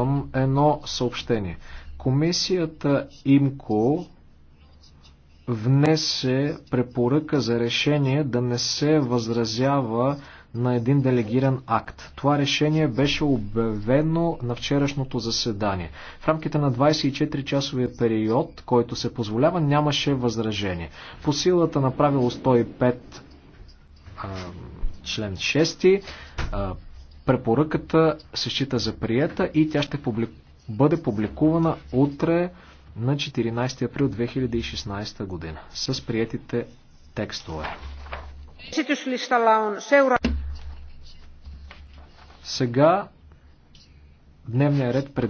Имам едно съобщение. Комисията ИМКО внесе препоръка за решение да не се възразява на един делегиран акт. Това решение беше обявено на вчерашното заседание. В рамките на 24-часовия период, който се позволява, нямаше възражение. По силата на правило 105 член 6 Препоръката се счита за приета и тя ще публику... бъде публикувана утре на 14 април 2016 година с приетите текстове. Сега дневния ред пред